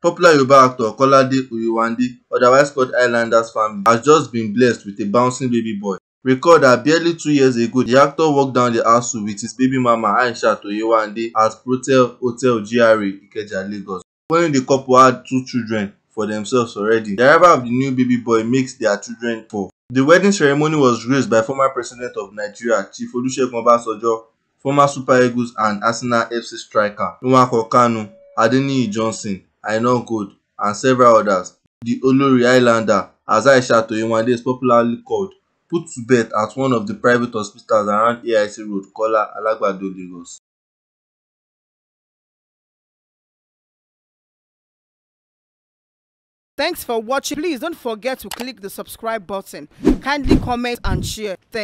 Popular Yoruba actor Kolade Oyiwande, otherwise called Islanders Family, has just been blessed with a bouncing baby boy. Record that barely two years ago, the actor walked down the aisle with his baby mama Aishat Oyiwande at Protel Hotel GRA, Ikeja, Lagos. When the couple had two children for themselves already, the arrival of the new baby boy makes their children poor. The wedding ceremony was graced by former president of Nigeria, Chief Olusegun Obasanjo, former Super Eagles and Arsenal FC striker, Nwankwo Kanu, Adeniyi Johnson, Inal Code, and several others. The Olori Islander, as Aishat Oyewande is popularly called, put to bed at one of the private hospitals around AIC Road, Kola, Alagbado, Lagos. Thanks for watching. Please don't forget to click the subscribe button. Kindly comment and share. Thanks.